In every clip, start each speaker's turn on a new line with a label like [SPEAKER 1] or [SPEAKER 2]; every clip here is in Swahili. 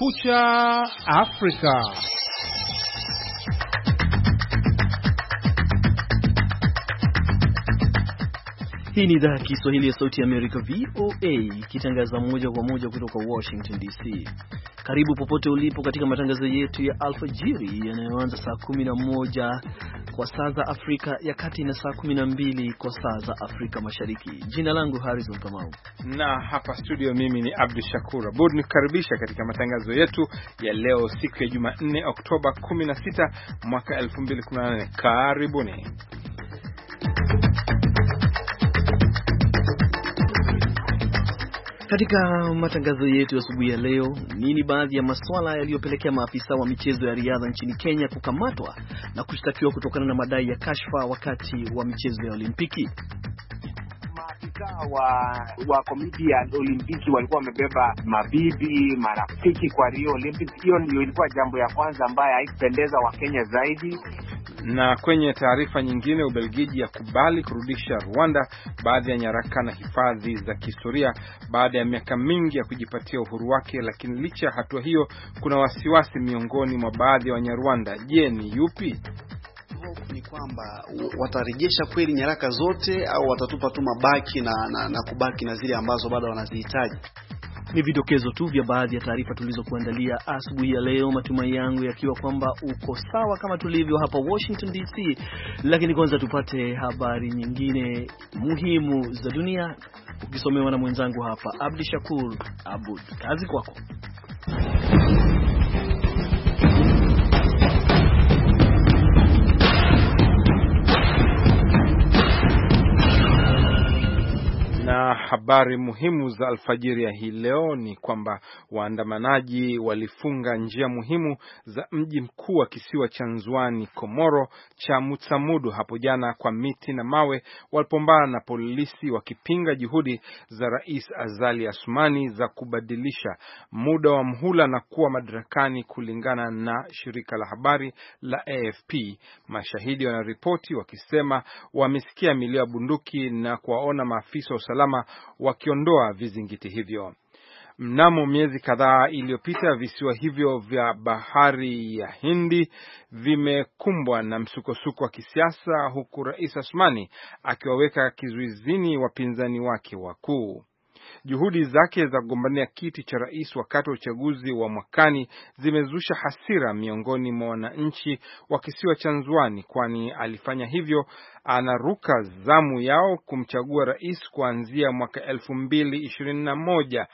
[SPEAKER 1] Kumekucha Afrika. Hii ni idhaa ya Kiswahili ya Sauti ya Amerika, VOA, ikitangaza moja kwa moja kutoka Washington DC. Karibu popote ulipo katika matangazo yetu ya alfajiri yanayoanza saa 11 kwa saa za Afrika ya Kati na saa 12 kwa saa za Afrika Mashariki. Jina langu Harrison Kamau,
[SPEAKER 2] na hapa studio mimi ni Abdu Shakur Abud nikukaribisha katika matangazo yetu ya leo, siku ya Jumanne, Oktoba 16 mwaka 2018. Karibuni
[SPEAKER 1] Katika matangazo yetu ya asubuhi ya leo, nini baadhi ya maswala yaliyopelekea maafisa wa michezo ya riadha nchini Kenya kukamatwa na kushtakiwa kutokana na madai ya kashfa wakati wa michezo ya Olimpiki? maafisa
[SPEAKER 3] wa wa komiti ya Olimpiki walikuwa wamebeba mabibi marafiki kwa Rio Olympics. Hiyo ndio ilikuwa jambo ya kwanza ambayo haikupendeza Wakenya zaidi.
[SPEAKER 2] Na kwenye taarifa nyingine, Ubelgiji yakubali kurudisha Rwanda baadhi ya nyaraka na hifadhi za kihistoria baada ya miaka mingi ya kujipatia uhuru wake. Lakini licha ya hatua hiyo, kuna wasiwasi miongoni mwa baadhi ya Wanyarwanda. Je, ni yupi
[SPEAKER 1] hope ni kwamba watarejesha kweli nyaraka zote au watatupa tu mabaki na, na, na kubaki na zile ambazo bado wanazihitaji. Ni vidokezo tu vya baadhi ya taarifa tulizokuandalia asubuhi ya leo, matumaini yangu yakiwa kwamba uko sawa kama tulivyo hapa Washington DC. Lakini kwanza tupate habari nyingine muhimu za dunia, ukisomewa na mwenzangu hapa Abdi Shakur Abud. Kazi kwako.
[SPEAKER 2] habari muhimu za alfajiri ya hii leo ni kwamba waandamanaji walifunga njia muhimu za mji mkuu wa kisiwa cha Nzwani, Komoro cha Mutsamudu hapo jana kwa miti na mawe, walipombana na polisi wakipinga juhudi za Rais Azali Asumani za kubadilisha muda wa mhula na kuwa madarakani, kulingana na shirika la habari la AFP. Mashahidi wanaripoti wakisema wamesikia milio ya bunduki na kuwaona maafisa wa usalama wakiondoa vizingiti hivyo. Mnamo miezi kadhaa iliyopita, visiwa hivyo vya bahari ya Hindi vimekumbwa na msukosuko wa kisiasa, huku Rais Asmani akiwaweka kizuizini wapinzani wake wakuu. Juhudi zake za kugombania kiti cha rais wakati wa uchaguzi wa mwakani zimezusha hasira miongoni mwa wananchi wa kisiwa cha Nzwani, kwani alifanya hivyo, anaruka zamu yao kumchagua rais kuanzia mwaka elfu mbili ishirini na moja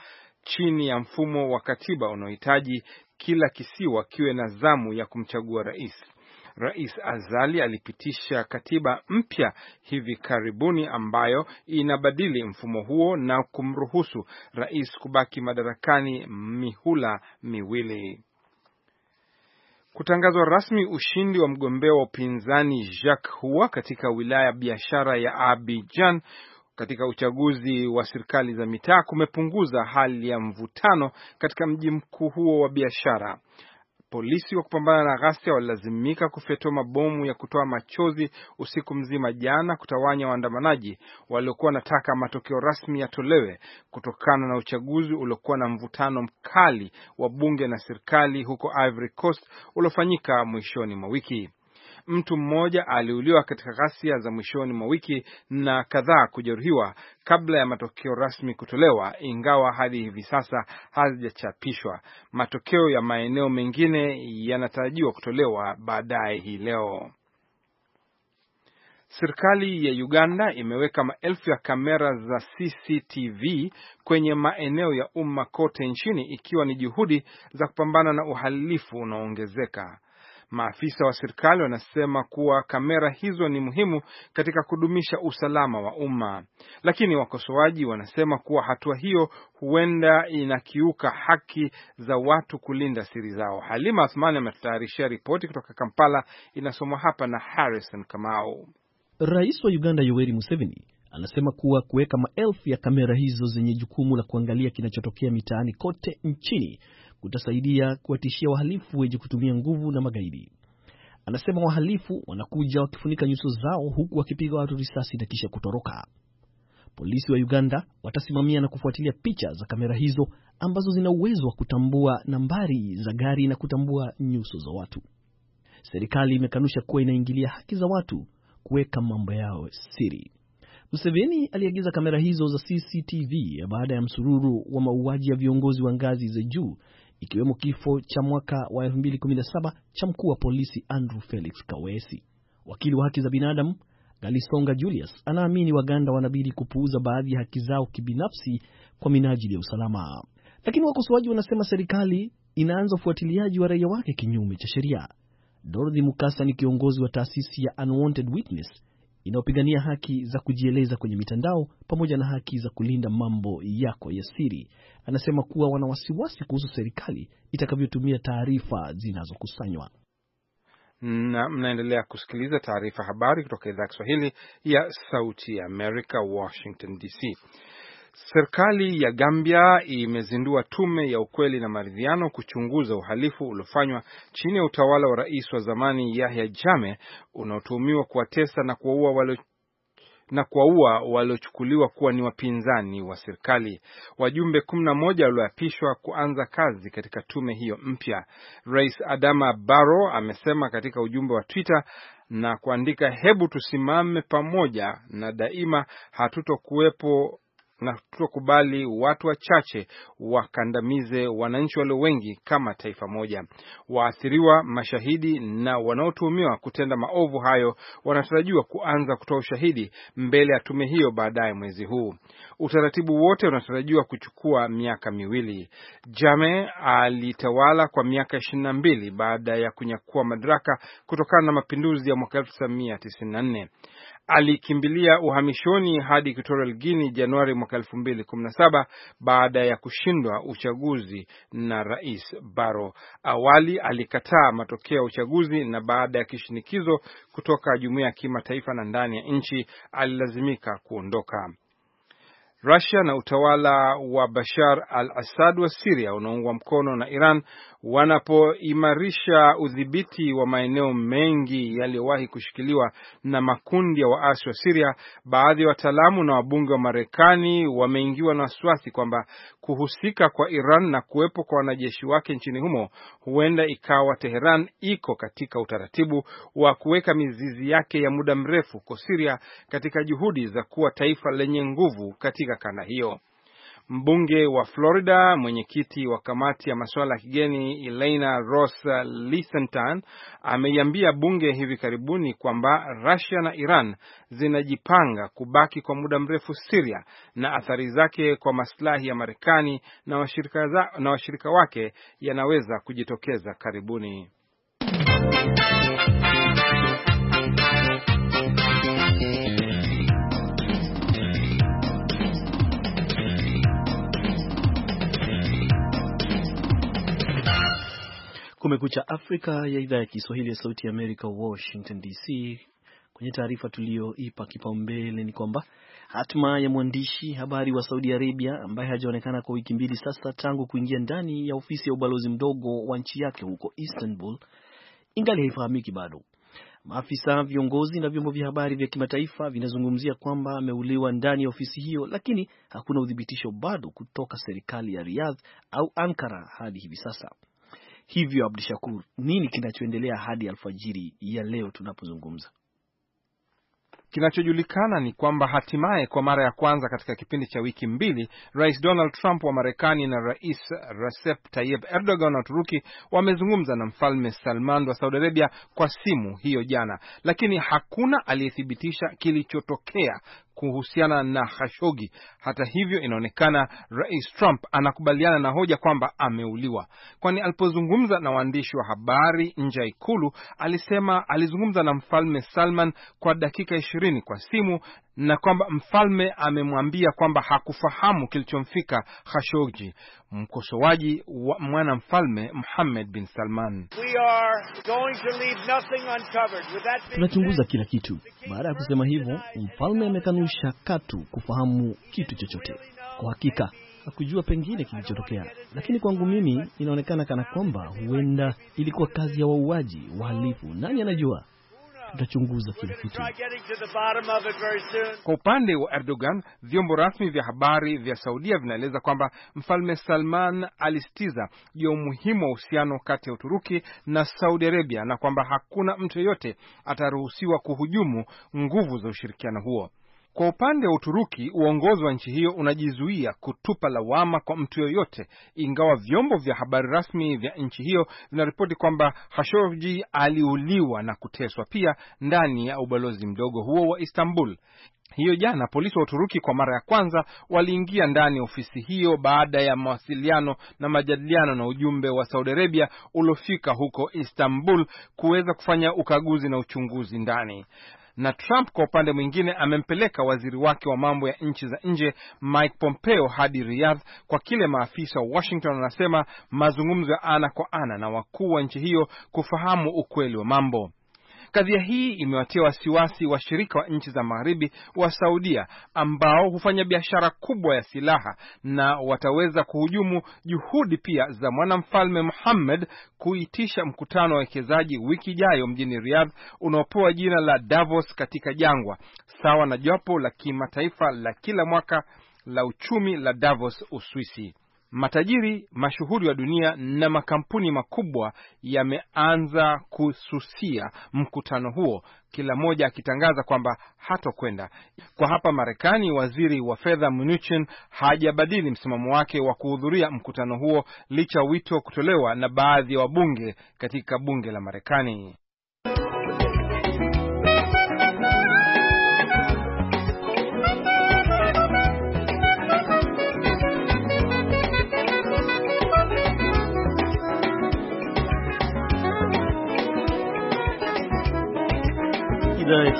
[SPEAKER 2] chini ya mfumo wa katiba unaohitaji kila kisiwa kiwe na zamu ya kumchagua rais. Rais Azali alipitisha katiba mpya hivi karibuni ambayo inabadili mfumo huo na kumruhusu rais kubaki madarakani mihula miwili. Kutangazwa rasmi ushindi wa mgombea wa upinzani Jacques Hua katika wilaya ya biashara ya Abidjan katika uchaguzi wa serikali za mitaa kumepunguza hali ya mvutano katika mji mkuu huo wa biashara. Polisi wa kupambana na ghasia walilazimika kufyatua mabomu ya kutoa machozi usiku mzima jana kutawanya waandamanaji waliokuwa wanataka matokeo rasmi yatolewe kutokana na uchaguzi uliokuwa na mvutano mkali wa bunge na serikali huko Ivory Coast uliofanyika mwishoni mwa wiki mtu mmoja aliuliwa katika ghasia za mwishoni mwa wiki na kadhaa kujeruhiwa kabla ya matokeo rasmi kutolewa, ingawa hadi hivi sasa hazijachapishwa. Matokeo ya maeneo mengine yanatarajiwa kutolewa baadaye hii leo. Serikali ya Uganda imeweka maelfu ya kamera za CCTV kwenye maeneo ya umma kote nchini ikiwa ni juhudi za kupambana na uhalifu unaoongezeka. Maafisa wa serikali wanasema kuwa kamera hizo ni muhimu katika kudumisha usalama wa umma, lakini wakosoaji wanasema kuwa hatua hiyo huenda inakiuka haki za watu kulinda siri zao. Halima Athmani ametayarishia ripoti kutoka Kampala, inasomwa hapa na Harrison Kamau.
[SPEAKER 1] Rais wa Uganda Yoweri Museveni anasema kuwa kuweka maelfu ya kamera hizo zenye jukumu la kuangalia kinachotokea mitaani kote nchini kutasaidia kuwatishia wahalifu wenye kutumia nguvu na magaidi. Anasema wahalifu wanakuja wakifunika nyuso zao huku wakipiga watu risasi na kisha kutoroka. Polisi wa Uganda watasimamia na kufuatilia picha za kamera hizo ambazo zina uwezo wa kutambua nambari za gari na kutambua nyuso za watu. Serikali imekanusha kuwa inaingilia haki za watu kuweka mambo yao siri. Museveni aliagiza kamera hizo za CCTV baada ya msururu wa mauaji ya viongozi wa ngazi za juu ikiwemo kifo cha mwaka wa 2017 cha mkuu wa polisi Andrew Felix kawesi Wakili wa haki za binadamu Galisonga Julius anaamini Waganda wanabidi kupuuza baadhi ya haki zao kibinafsi kwa minajili ya usalama, lakini wakosoaji wanasema serikali inaanza ufuatiliaji wa raia wake kinyume cha sheria. Dorothy Mukasa ni kiongozi wa taasisi ya Unwanted Witness inayopigania haki za kujieleza kwenye mitandao pamoja na haki za kulinda mambo yako ya siri. Anasema kuwa wana wasiwasi kuhusu serikali itakavyotumia taarifa zinazokusanywa.
[SPEAKER 2] Na mnaendelea kusikiliza taarifa habari kutoka idhaa ya Kiswahili ya Sauti ya Amerika, Washington DC. Serikali ya Gambia imezindua tume ya ukweli na maridhiano kuchunguza uhalifu uliofanywa chini ya utawala wa rais wa zamani Yahya jame unaotuhumiwa kuwatesa na kuwaua wale na kuwaua waliochukuliwa kuwa ni wapinzani wa serikali. Wajumbe kumi na moja walioapishwa kuanza kazi katika tume hiyo mpya. Rais Adama Barrow amesema katika ujumbe wa Twitter na kuandika, hebu tusimame pamoja na daima hatutokuwepo na tutokubali watu wachache wakandamize wananchi walio wengi kama taifa moja. Waathiriwa, mashahidi na wanaotuhumiwa kutenda maovu hayo wanatarajiwa kuanza kutoa ushahidi mbele ya tume hiyo baadaye mwezi huu. Utaratibu wote unatarajiwa kuchukua miaka miwili. Jame alitawala kwa miaka ishirini na mbili baada ya kunyakua madaraka kutokana na mapinduzi ya mwaka nne alikimbilia uhamishoni hadi Equatorial Guinea Januari mwaka elfu mbili kumi na saba baada ya kushindwa uchaguzi na Rais baro Awali alikataa matokeo ya uchaguzi, na baada ya kishinikizo kutoka jumuiya ya kimataifa na ndani ya nchi alilazimika kuondoka. Russia na utawala wa Bashar al-Assad wa Syria unaungwa mkono na Iran wanapoimarisha udhibiti wa maeneo mengi yaliyowahi kushikiliwa na makundi ya waasi wa Syria. Baadhi ya wataalamu na wabunge wa Marekani wameingiwa na wasiwasi kwamba kuhusika kwa Iran na kuwepo kwa wanajeshi wake nchini humo huenda ikawa Teheran iko katika utaratibu wa kuweka mizizi yake ya muda mrefu huko Syria katika juhudi za kuwa taifa lenye nguvu katika kanda hiyo. Mbunge wa Florida, mwenyekiti wa kamati ya masuala ya kigeni Elena Ross Lisentan ameiambia bunge hivi karibuni kwamba Russia na Iran zinajipanga kubaki kwa muda mrefu Siria na athari zake kwa maslahi ya Marekani na washirika, na washirika wake yanaweza kujitokeza karibuni.
[SPEAKER 1] Kumekucha Afrika ya idhaa ya Kiswahili ya Sauti ya Amerika, Washington DC. Kwenye taarifa tuliyoipa kipaumbele ni kwamba hatma ya mwandishi habari wa Saudi Arabia ambaye hajaonekana kwa wiki mbili sasa tangu kuingia ndani ya ofisi ya ubalozi mdogo wa nchi yake huko Istanbul ingali haifahamiki bado. Maafisa, viongozi na vyombo vya habari vya kimataifa vinazungumzia kwamba ameuliwa ndani ya ofisi hiyo, lakini hakuna uthibitisho bado kutoka serikali ya Riyadh au Ankara hadi hivi sasa. Hivyo Abdu Shakur, nini kinachoendelea hadi alfajiri ya leo tunapozungumza?
[SPEAKER 2] Kinachojulikana ni kwamba hatimaye kwa mara ya kwanza katika kipindi cha wiki mbili, Rais Donald Trump wa Marekani na Rais Recep Tayyip Erdogan wa Uturuki wamezungumza na Mfalme Salman wa Saudi Arabia kwa simu hiyo jana, lakini hakuna aliyethibitisha kilichotokea kuhusiana na Khashoggi. Hata hivyo, inaonekana Rais Trump anakubaliana na hoja kwamba ameuliwa, kwani alipozungumza na waandishi wa habari nje ya ikulu alisema alizungumza na Mfalme Salman kwa dakika ishirini kwa simu na kwamba mfalme amemwambia kwamba hakufahamu kilichomfika Khashoggi. Mkosoaji wa mwana mfalme
[SPEAKER 1] Muhammad bin Salman: tunachunguza kila kitu. Baada ya kusema hivyo, mfalme amekanusha katu kufahamu kitu chochote. Kwa hakika hakujua pengine kilichotokea, lakini kwangu mimi inaonekana kana kwamba huenda ilikuwa kazi ya wauaji wahalifu. Nani anajua? tutachunguza
[SPEAKER 2] kila kitu. Kwa upande wa Erdogan, vyombo rasmi vya habari vya Saudia vinaeleza kwamba Mfalme Salman alisitiza juya ya umuhimu wa uhusiano kati ya Uturuki na Saudi Arabia na kwamba hakuna mtu yeyote ataruhusiwa kuhujumu nguvu za ushirikiano huo. Kwa upande wa Uturuki, uongozi wa nchi hiyo unajizuia kutupa lawama kwa mtu yoyote, ingawa vyombo vya habari rasmi vya nchi hiyo vinaripoti kwamba hashoji aliuliwa na kuteswa pia ndani ya ubalozi mdogo huo wa Istanbul. Hiyo jana polisi wa Uturuki kwa mara ya kwanza waliingia ndani ya ofisi hiyo baada ya mawasiliano na majadiliano na ujumbe wa Saudi Arabia uliofika huko Istanbul kuweza kufanya ukaguzi na uchunguzi ndani na Trump kwa upande mwingine amempeleka waziri wake wa mambo ya nchi za nje Mike Pompeo hadi Riyadh kwa kile maafisa wa Washington wanasema mazungumzo ya ana kwa ana na wakuu wa nchi hiyo kufahamu ukweli wa mambo. Kadhia hii imewatia wasiwasi washirika wa nchi za magharibi wa Saudia, ambao hufanya biashara kubwa ya silaha na wataweza kuhujumu juhudi pia za mwanamfalme Muhammad kuitisha mkutano wa wekezaji wiki ijayo mjini Riyadh unaopewa jina la Davos katika jangwa, sawa na jopo la kimataifa la kila mwaka la uchumi la Davos, Uswisi. Matajiri mashuhuri wa dunia na makampuni makubwa yameanza kususia mkutano huo, kila mmoja akitangaza kwamba hatokwenda. Kwa hapa Marekani, waziri wa fedha Mnuchin hajabadili msimamo wake wa kuhudhuria mkutano huo licha wito kutolewa na baadhi ya wabunge katika bunge la Marekani.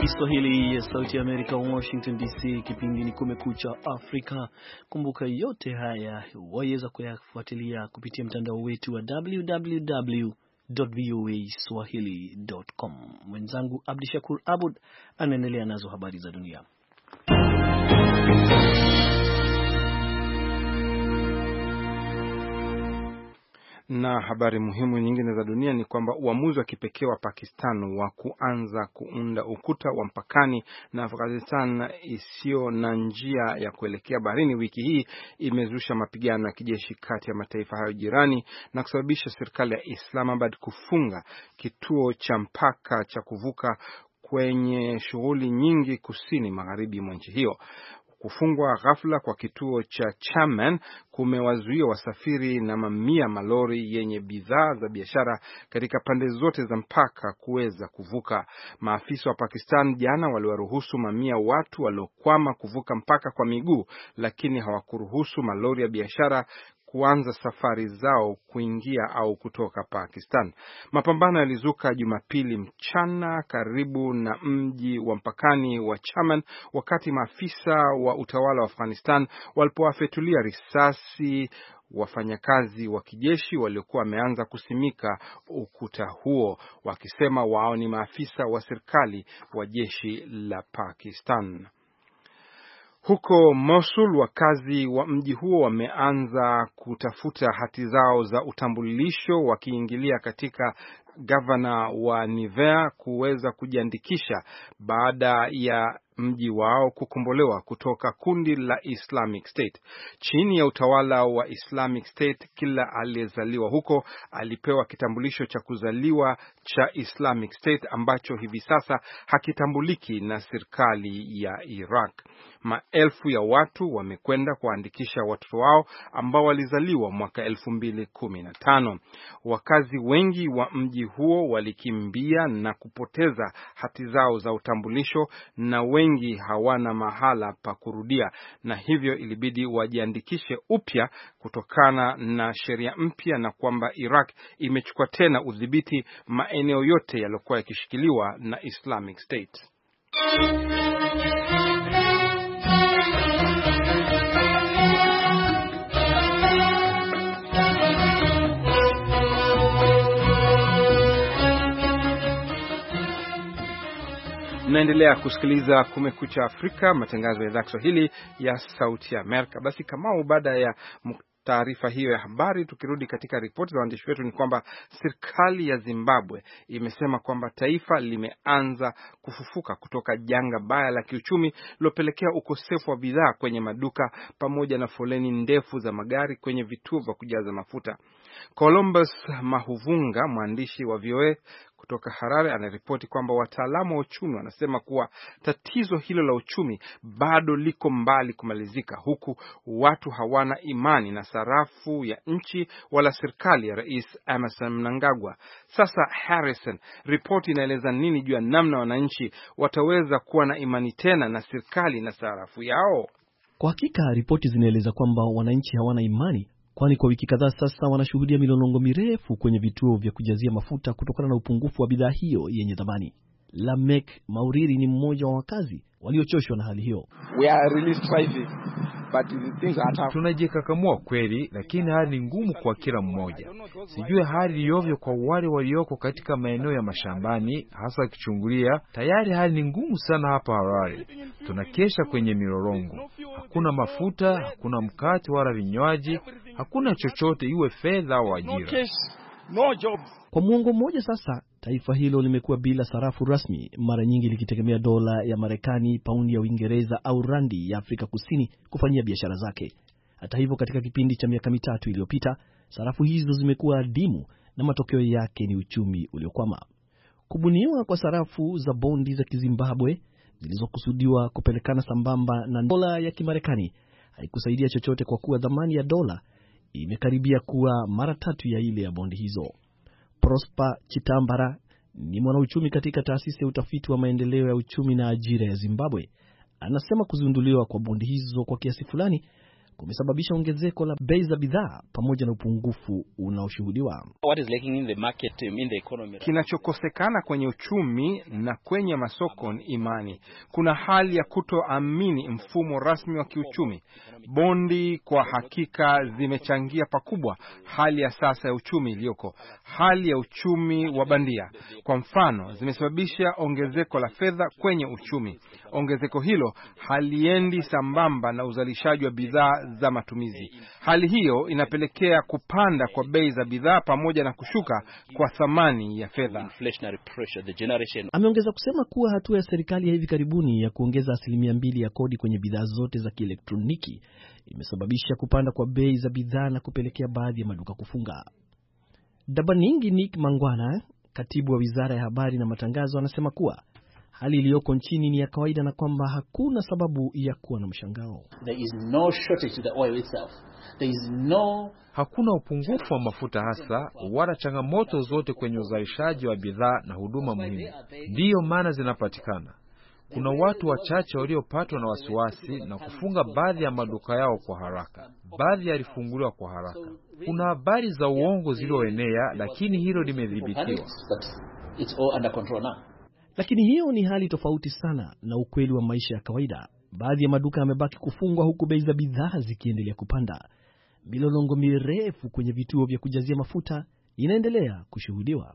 [SPEAKER 1] Kiswahili ya Sauti ya Amerika, Washington DC. Kipindi ni Kumekucha Afrika. Kumbuka yote haya waweza kuyafuatilia kupitia mtandao wetu wa www voa swahili.com. Mwenzangu Abdi Shakur Abud anaendelea nazo habari za dunia. Na habari
[SPEAKER 2] muhimu nyingine za dunia ni kwamba uamuzi wa kipekee wa Pakistan wa kuanza kuunda ukuta wa mpakani na Afghanistan isiyo na njia ya kuelekea baharini wiki hii imezusha mapigano ya kijeshi kati ya mataifa hayo jirani na kusababisha serikali ya Islamabad kufunga kituo cha mpaka cha kuvuka kwenye shughuli nyingi kusini magharibi mwa nchi hiyo. Kufungwa ghafla kwa kituo cha Chaman kumewazuia wasafiri na mamia malori yenye bidhaa za biashara katika pande zote za mpaka kuweza kuvuka. Maafisa wa Pakistan jana waliwaruhusu mamia watu waliokwama kuvuka mpaka kwa miguu, lakini hawakuruhusu malori ya biashara kuanza safari zao kuingia au kutoka Pakistan. Mapambano yalizuka Jumapili mchana karibu na mji wa mpakani wa Chaman wakati maafisa wa utawala wa Afghanistan walipowafyatulia risasi wafanyakazi wa kijeshi waliokuwa wameanza kusimika ukuta huo wakisema wao ni maafisa wa serikali wa jeshi la Pakistan. Huko Mosul, wakazi wa mji huo wameanza kutafuta hati zao za utambulisho, wakiingilia katika gavana wa Nivea kuweza kujiandikisha baada ya mji wao kukombolewa kutoka kundi la Islamic State. Chini ya utawala wa Islamic State, kila aliyezaliwa huko alipewa kitambulisho cha kuzaliwa cha Islamic State ambacho hivi sasa hakitambuliki na serikali ya Iraq. Maelfu ya watu wamekwenda kuwaandikisha watoto wao ambao walizaliwa mwaka elfu mbili kumi na tano. Wakazi wengi wa mji huo walikimbia na kupoteza hati zao za utambulisho na wengi wengi hawana mahala pa kurudia, na hivyo ilibidi wajiandikishe upya kutokana na sheria mpya, na kwamba Iraq imechukua tena udhibiti maeneo yote yaliyokuwa yakishikiliwa na Islamic State. naendelea kusikiliza Kumekucha Afrika, matangazo ya idhaa Kiswahili ya Sauti ya Amerika. Basi Kamau, baada ya taarifa hiyo ya habari, tukirudi katika ripoti za waandishi wetu, ni kwamba serikali ya Zimbabwe imesema kwamba taifa limeanza kufufuka kutoka janga baya la kiuchumi lilopelekea ukosefu wa bidhaa kwenye maduka pamoja na foleni ndefu za magari kwenye vituo vya kujaza mafuta. Columbus Mahuvunga, mwandishi wa VOA kutoka Harare anaripoti kwamba wataalamu wa uchumi wanasema kuwa tatizo hilo la uchumi bado liko mbali kumalizika, huku watu hawana imani na sarafu ya nchi wala serikali ya Rais Emerson Mnangagwa. Sasa Harrison, ripoti inaeleza nini juu ya namna wananchi wataweza kuwa na imani tena na serikali na sarafu yao?
[SPEAKER 1] Kwa hakika ripoti zinaeleza kwamba wananchi hawana imani kwani kwa wiki kadhaa sasa wanashuhudia milolongo mirefu kwenye vituo vya kujazia mafuta kutokana na upungufu wa bidhaa hiyo yenye thamani. Lamek Mauriri ni mmoja wa wakazi waliochoshwa na hali hiyo.
[SPEAKER 2] Tunajikakamua kweli, lakini hali ni ngumu kwa kila mmoja. Sijue hali iliyovyo kwa wale walioko katika maeneo ya mashambani, hasa akichungulia Tayari hali ni ngumu sana hapa Harare. Tunakesha kwenye milolongo, hakuna mafuta, hakuna mkate wala vinywaji hakuna chochote, iwe fedha au ajira.
[SPEAKER 1] Kwa mwongo mmoja sasa, taifa hilo limekuwa bila sarafu rasmi, mara nyingi likitegemea dola ya Marekani, paundi ya Uingereza au randi ya Afrika Kusini kufanyia biashara zake. Hata hivyo, katika kipindi cha miaka mitatu iliyopita, sarafu hizo zimekuwa adimu na matokeo yake ni uchumi uliokwama. Kubuniwa kwa sarafu za bondi za Kizimbabwe zilizokusudiwa kupelekana sambamba na dola ya Kimarekani haikusaidia chochote kwa kuwa dhamani ya dola imekaribia kuwa mara tatu ya ile ya bondi hizo. Prosper Chitambara ni mwanauchumi katika taasisi ya utafiti wa maendeleo ya uchumi na ajira ya Zimbabwe. Anasema kuzinduliwa kwa bondi hizo kwa kiasi fulani kumesababisha ongezeko la bei za bidhaa pamoja na upungufu unaoshuhudiwa.
[SPEAKER 2] Kinachokosekana kwenye uchumi na kwenye masoko ni imani. Kuna hali ya kutoamini mfumo rasmi wa kiuchumi. Bondi kwa hakika zimechangia pakubwa hali ya sasa ya uchumi iliyoko, hali ya uchumi wa bandia, kwa mfano, zimesababisha ongezeko la fedha kwenye uchumi ongezeko hilo haliendi sambamba na uzalishaji wa bidhaa za matumizi. Hali hiyo inapelekea kupanda kwa bei za bidhaa pamoja na kushuka kwa thamani ya fedha.
[SPEAKER 1] Ameongeza kusema kuwa hatua ya serikali ya hivi karibuni ya kuongeza asilimia mbili ya kodi kwenye bidhaa zote za kielektroniki imesababisha kupanda kwa bei za bidhaa na kupelekea baadhi ya maduka kufunga. Dabaningi Nick Mangwana, katibu wa wizara ya habari na matangazo, anasema kuwa hali iliyoko nchini ni ya kawaida na kwamba hakuna sababu ya kuwa na mshangao. There is no shortage the
[SPEAKER 2] oil itself. There is no...
[SPEAKER 1] hakuna upungufu wa mafuta
[SPEAKER 2] hasa wala
[SPEAKER 1] changamoto
[SPEAKER 2] zote kwenye uzalishaji wa bidhaa na huduma muhimu, ndiyo maana zinapatikana. Kuna watu wachache waliopatwa na wasiwasi na kufunga baadhi ya maduka yao kwa haraka, baadhi yalifunguliwa kwa haraka. Kuna habari za uongo zilizoenea, lakini
[SPEAKER 1] hilo limedhibitiwa. Lakini hiyo ni hali tofauti sana na ukweli wa maisha ya kawaida. Baadhi ya maduka yamebaki kufungwa huku bei za bidhaa zikiendelea kupanda. Milolongo mirefu kwenye vituo vya kujazia mafuta inaendelea kushuhudiwa.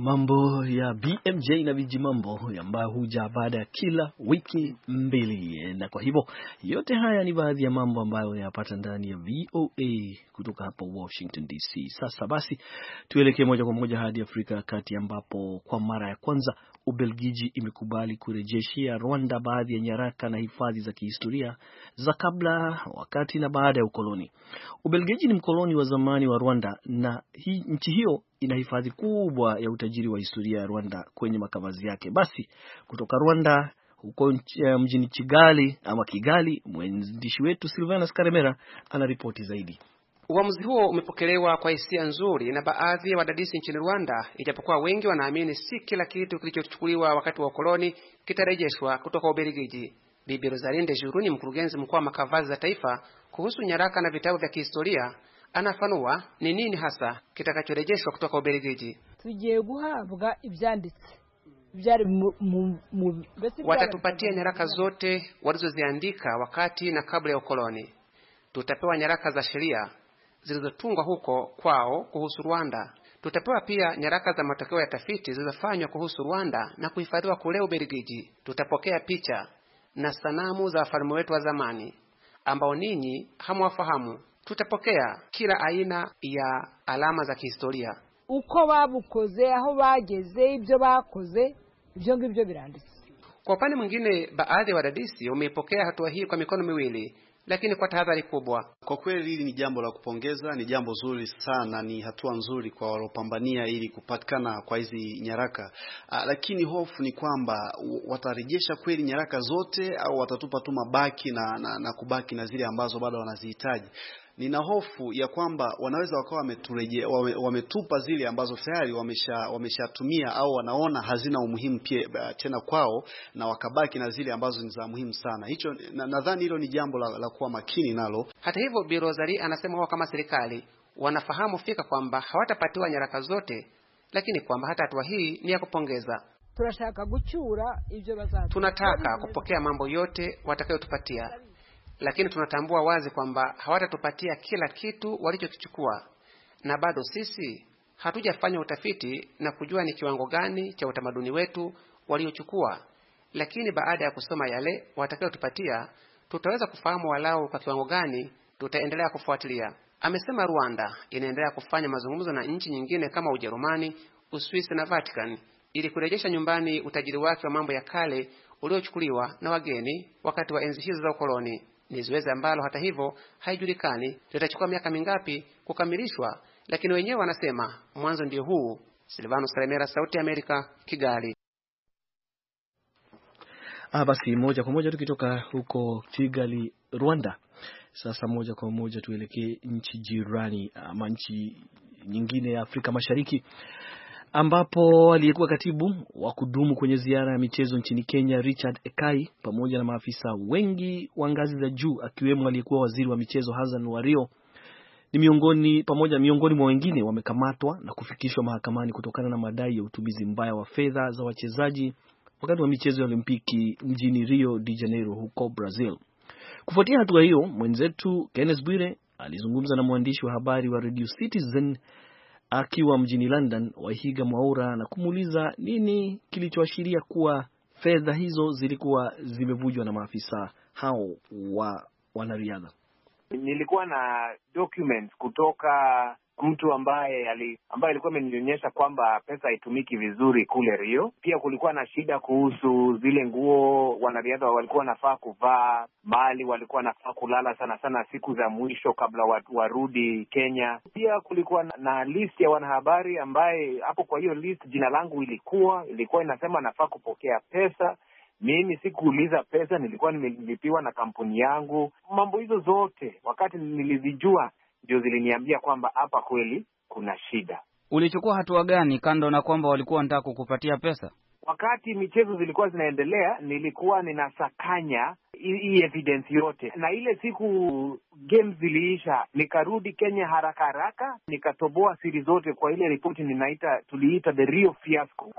[SPEAKER 1] mambo ya BMJ na viji mambo ambayo huja baada ya kila wiki mbili, na kwa hivyo yote haya ni baadhi ya mambo ambayo unayapata ndani ya VOA kutoka hapa Washington DC. Sasa basi, tuelekee moja kwa moja hadi Afrika ya Kati ambapo kwa mara ya kwanza Ubelgiji imekubali kurejeshea Rwanda baadhi ya nyaraka na hifadhi za kihistoria za kabla, wakati na baada ya ukoloni. Ubelgiji ni mkoloni wa zamani wa Rwanda na hii nchi hiyo ina hifadhi kubwa ya utajiri wa historia ya Rwanda kwenye makavazi yake. Basi kutoka Rwanda huko eh, mjini Kigali ama Kigali, mwandishi wetu Silvanus Karemera ana ripoti zaidi.
[SPEAKER 4] Uamuzi huo umepokelewa kwa hisia nzuri na baadhi ya wadadisi nchini Rwanda, ijapokuwa wengi wanaamini si kila kitu kilichochukuliwa wakati wa ukoloni kitarejeshwa kutoka Ubelgiji. Bibi Rosalinde Juru ni mkurugenzi mkuu wa makavazi za taifa kuhusu nyaraka na vitabu vya kihistoria anafanua ni nini hasa kitakachorejeshwa kutoka Ubelgiji.
[SPEAKER 5] tugiye guhabwa ibyanditse watatupatia
[SPEAKER 4] nyaraka zote walizoziandika wakati na kabla ya ukoloni. Tutapewa nyaraka za sheria zilizotungwa huko kwao kuhusu Rwanda. Tutapewa pia nyaraka za matokeo ya tafiti zilizofanywa kuhusu Rwanda na kuhifadhiwa kule Ubelgiji. Tutapokea picha na sanamu za wafalme wetu wa zamani ambao ninyi hamwafahamu tutapokea kila aina ya alama za kihistoria uko babukoze
[SPEAKER 5] aho bageze ibyo bakoze ibyo ngibyo biranditse
[SPEAKER 4] kwa upande mwingine baadhi ya wadadisi wameipokea hatua hii kwa mikono miwili lakini kwa tahadhari kubwa. Kwa kweli, hili ni jambo la kupongeza, ni jambo zuri sana, ni hatua nzuri kwa walopambania ili kupatikana
[SPEAKER 1] kwa hizi nyaraka. A, ah, lakini hofu ni kwamba watarejesha kweli nyaraka zote au watatupa tu mabaki na, na, na kubaki na zile ambazo bado wanazihitaji nina hofu ya kwamba wanaweza wakawa wameturejea wame, wametupa zile ambazo tayari wameshatumia wamesha au wanaona hazina umuhimu pia eh, tena kwao, na wakabaki na zile
[SPEAKER 4] ambazo ni za muhimu sana. Hicho nadhani na hilo ni jambo la, la kuwa makini nalo. Hata hivyo, birozari anasema wao kama serikali wanafahamu fika kwamba hawatapatiwa nyaraka zote, lakini kwamba hata hatua hii ni ya kupongeza.
[SPEAKER 5] Tunataka
[SPEAKER 4] kupokea mambo yote watakayotupatia lakini tunatambua wazi kwamba hawatatupatia kila kitu walichokichukua, na bado sisi hatujafanya utafiti na kujua ni kiwango gani cha utamaduni wetu waliochukua, lakini baada ya kusoma yale watakayotupatia tutaweza kufahamu walau kwa kiwango gani tutaendelea kufuatilia. Amesema Rwanda inaendelea kufanya mazungumzo na nchi nyingine kama Ujerumani, Uswisi na Vatican ili kurejesha nyumbani utajiri wake wa mambo ya kale uliochukuliwa na wageni wakati wa enzi hizo za ukoloni. Ni zoezi ambalo hata hivyo haijulikani litachukua miaka mingapi kukamilishwa, lakini wenyewe wanasema mwanzo ndio huu. Silvano Kalemera, Sauti ya Amerika, Kigali.
[SPEAKER 1] Ah, basi moja kwa moja tukitoka huko Kigali, Rwanda. Sasa moja kwa moja tuelekee nchi jirani ama nchi nyingine ya Afrika Mashariki ambapo aliyekuwa katibu wa kudumu kwenye ziara ya michezo nchini Kenya Richard Ekai pamoja na maafisa wengi wa ngazi za juu akiwemo aliyekuwa waziri wa michezo Hassan Wario ni miongoni pamoja miongoni mwa wengine wamekamatwa na kufikishwa mahakamani kutokana na madai ya utumizi mbaya wa fedha za wachezaji wakati wa michezo ya Olimpiki mjini Rio de Janeiro huko Brazil. Kufuatia hatua hiyo, mwenzetu Kenneth Bwire alizungumza na mwandishi wa habari wa Radio Citizen akiwa mjini London, Waihiga Mwaura na kumuuliza nini kilichoashiria kuwa fedha hizo zilikuwa zimevujwa na maafisa hao wa wanariadha.
[SPEAKER 3] Nilikuwa na documents kutoka mtu ambaye ali, ambaye alikuwa amenionyesha kwamba pesa haitumiki vizuri kule Rio. Pia kulikuwa na shida kuhusu zile nguo wanariadha walikuwa wanafaa kuvaa, mahali walikuwa wanafaa kulala, sana sana siku za mwisho kabla warudi Kenya. Pia kulikuwa na list ya wanahabari ambaye hapo kwa hiyo list jina langu ilikuwa ilikuwa inasema nafaa kupokea pesa mimi sikuuliza pesa, nilikuwa nimelipiwa na kampuni yangu. Mambo hizo zote wakati nilizijua, ndio ziliniambia kwamba hapa kweli kuna shida.
[SPEAKER 5] Ulichukua hatua gani kando na kwamba walikuwa wanataka kukupatia pesa?
[SPEAKER 3] Wakati michezo zilikuwa zinaendelea, nilikuwa ninasakanya hii evidence yote, na ile siku games ziliisha, nikarudi Kenya haraka haraka, nikatoboa siri zote kwa ile ripoti ninaita, tuliita the Rio Fiasco.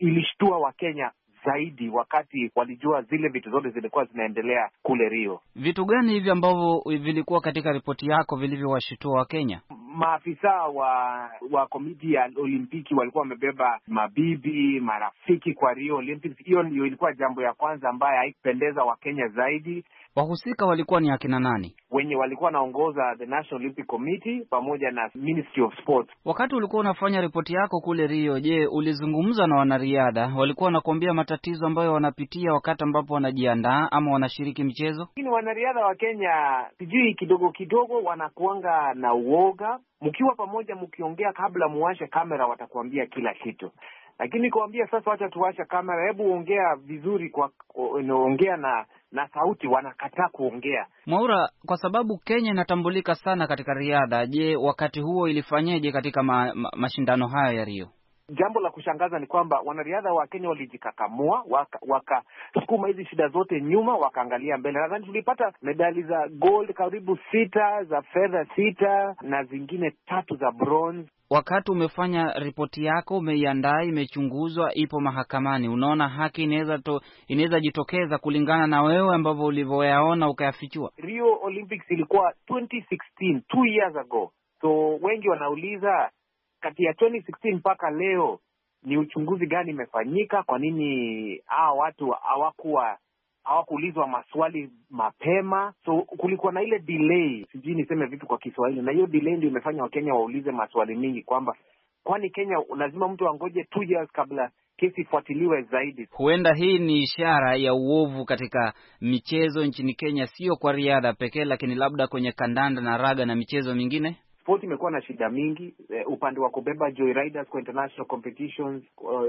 [SPEAKER 3] Ilishtua Wakenya zaidi, wakati walijua zile vitu zote zilikuwa zinaendelea kule Rio.
[SPEAKER 5] Vitu gani hivi ambavyo vilikuwa katika ripoti yako vilivyowashutua Wakenya?
[SPEAKER 3] Maafisa wa wa komiti ya Olimpiki walikuwa wamebeba
[SPEAKER 5] mabibi,
[SPEAKER 3] marafiki kwa Rio Olympics. Hiyo ndio ilikuwa jambo ya kwanza ambayo haikupendeza Wakenya zaidi,
[SPEAKER 5] Wahusika walikuwa ni akina nani
[SPEAKER 3] wenye walikuwa wanaongoza the National Olympic Committee pamoja na Ministry of Sports?
[SPEAKER 5] Wakati ulikuwa unafanya ripoti yako kule Rio, je, ulizungumza na wanariadha? Walikuwa wanakuambia matatizo ambayo wanapitia wakati ambapo wanajiandaa ama wanashiriki mchezo?
[SPEAKER 3] Lakini wanariadha wa Kenya sijui kidogo kidogo wanakuanga na uoga. Mkiwa pamoja, mkiongea, kabla muwashe kamera, watakuambia kila kitu lakini kuambia sasa, wacha tuwasha kamera, hebu ongea vizuri kwa, ongea na na sauti wanakataa kuongea.
[SPEAKER 5] Mwaura, kwa sababu Kenya inatambulika sana katika riadha, je, wakati huo ilifanyeje katika ma, ma, mashindano hayo ya Rio?
[SPEAKER 3] Jambo la kushangaza ni kwamba wanariadha wa Kenya walijikakamua, wakasukuma waka hizi shida zote nyuma, wakaangalia mbele. Nadhani tulipata medali za gold karibu sita, za fedha sita na zingine tatu za bronze
[SPEAKER 5] wakati umefanya ripoti yako, umeiandaa, imechunguzwa, ipo mahakamani, unaona haki inaweza jitokeza kulingana na wewe ambavyo ulivyoyaona ukayafichua.
[SPEAKER 3] Rio Olympics ilikuwa 2016, two years ago, so wengi wanauliza kati ya 2016 mpaka leo ni uchunguzi gani imefanyika? Kwa nini hawa watu hawakuwa hawakuulizwa maswali mapema, so kulikuwa na ile delay, sijui niseme vipi kwa Kiswahili, na hiyo delay ndio imefanya Wakenya waulize maswali mingi kwamba kwani Kenya lazima mtu angoje two years kabla kesi ifuatiliwe zaidi.
[SPEAKER 5] Huenda hii ni ishara ya uovu katika michezo nchini Kenya, sio kwa riadha pekee, lakini labda kwenye kandanda na raga na michezo mingine
[SPEAKER 3] sport imekuwa na shida mingi e, upande wa kubeba joyriders kwa international competitions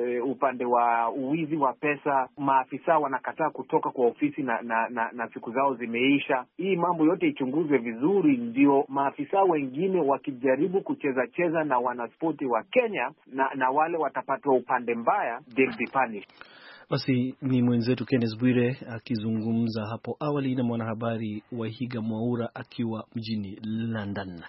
[SPEAKER 3] e, upande wa uwizi wa pesa, maafisa wanakataa kutoka kwa ofisi na na, na, na siku zao zimeisha. Hii mambo yote ichunguzwe vizuri, ndio maafisa wengine wakijaribu kucheza cheza na wanaspoti wa Kenya na, na wale watapatwa upande mbaya, they'll be punished.
[SPEAKER 1] Basi ni mwenzetu kennes Bwire akizungumza hapo awali na mwanahabari Wahiga Mwaura akiwa mjini London.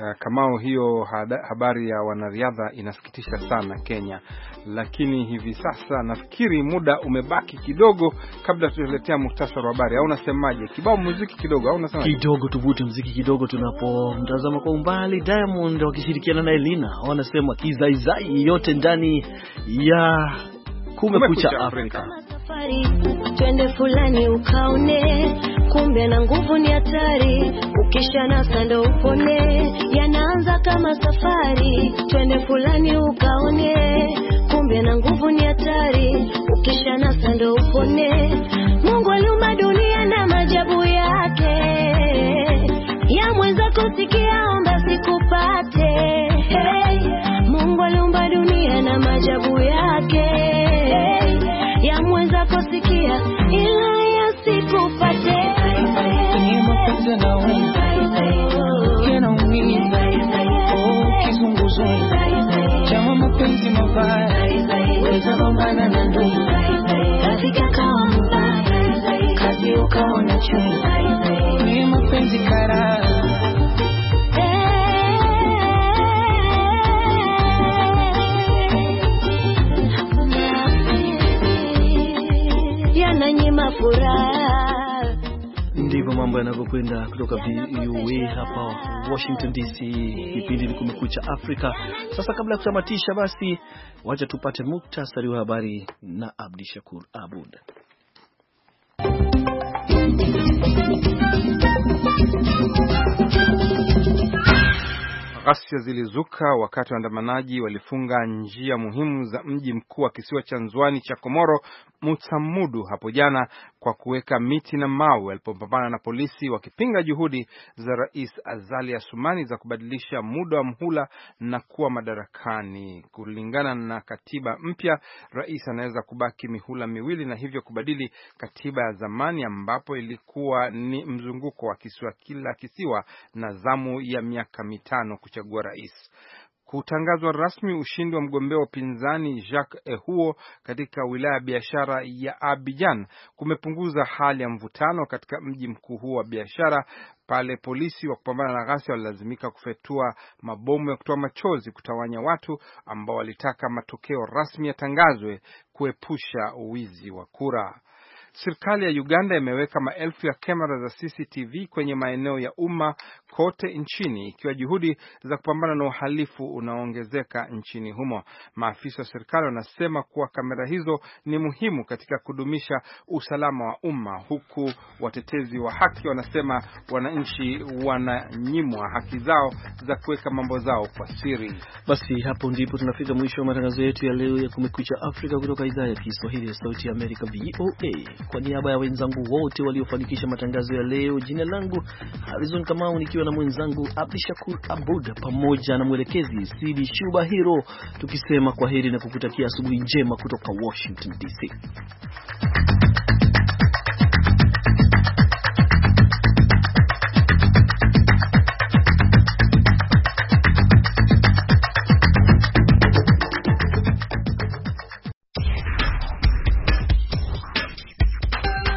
[SPEAKER 2] Eh, Kamao, hiyo habari ya wanariadha inasikitisha sana Kenya, lakini hivi sasa nafikiri muda umebaki kidogo kabla tutuletea muhtasari wa habari, au unasemaje? Kibao muziki kidogo, au unasema Kidogo
[SPEAKER 1] tuvute muziki kidogo, tunapomtazama kwa umbali Diamond wakishirikiana na Elina wanasema kizaizai, yote ndani ya Kumekucha Afrika.
[SPEAKER 6] Safari twende fulani ukaone kumbe na nguvu ni hatari, ukisha nasa ndo upone. Yanaanza kama safari, twende fulani ukaone, kumbe na nguvu ni hatari, ukisha nasa ndo upone. Mungu aliumba dunia na majabu yake, ya mwenzako kusikia omba sikupate. Hey, Mungu aliumba dunia na majabu yake Nitagombana na kazi ukawa chui, ni mapenzi karai
[SPEAKER 1] mambo yanavyokwenda kutoka VOA e hapa Washington DC. Kipindi ni Kumekucha Afrika. Sasa kabla ya kutamatisha, basi wacha tupate muktasari wa habari na Abdi Shakur Abud.
[SPEAKER 2] Ghasia zilizuka wakati waandamanaji walifunga njia muhimu za mji mkuu wa kisiwa cha Nzwani cha Komoro Mutsamudu hapo jana kwa kuweka miti na mawe walipopambana na polisi wakipinga juhudi za Rais Azali Asumani za kubadilisha muda wa mhula na kuwa madarakani. Kulingana na katiba mpya, rais anaweza kubaki mihula miwili na hivyo kubadili katiba ya zamani ambapo ilikuwa ni mzunguko wa kisiwa kila kisiwa na zamu ya miaka mitano kuchagua rais kutangazwa rasmi ushindi wa mgombea wa upinzani Jacques Ehuo katika wilaya ya biashara ya Abidjan kumepunguza hali ya mvutano katika mji mkuu huo wa biashara pale polisi wa kupambana na ghasia walilazimika kufyatua mabomu ya kutoa machozi kutawanya watu ambao walitaka matokeo rasmi yatangazwe kuepusha uwizi wa kura. Serikali ya Uganda imeweka maelfu ya kamera za CCTV kwenye maeneo ya umma kote nchini ikiwa juhudi za kupambana na uhalifu unaoongezeka nchini humo. Maafisa wa serikali wanasema kuwa kamera hizo ni muhimu katika kudumisha usalama wa umma, huku watetezi wa haki wanasema wananchi wananyimwa haki zao za kuweka mambo zao kwa siri.
[SPEAKER 1] Basi hapo ndipo tunafika mwisho wa matangazo yetu ya leo ya Kumekucha Afrika kutoka idhaa ya Kiswahili ya Sauti ya Amerika, VOA. Kwa niaba ya wenzangu wote waliofanikisha matangazo ya leo, jina langu Harizon Kamau, nikiwa na mwenzangu Abdi Shakur Abud pamoja na mwelekezi Sidi Shuba Hiro, tukisema kwa heri na kukutakia asubuhi njema kutoka Washington DC.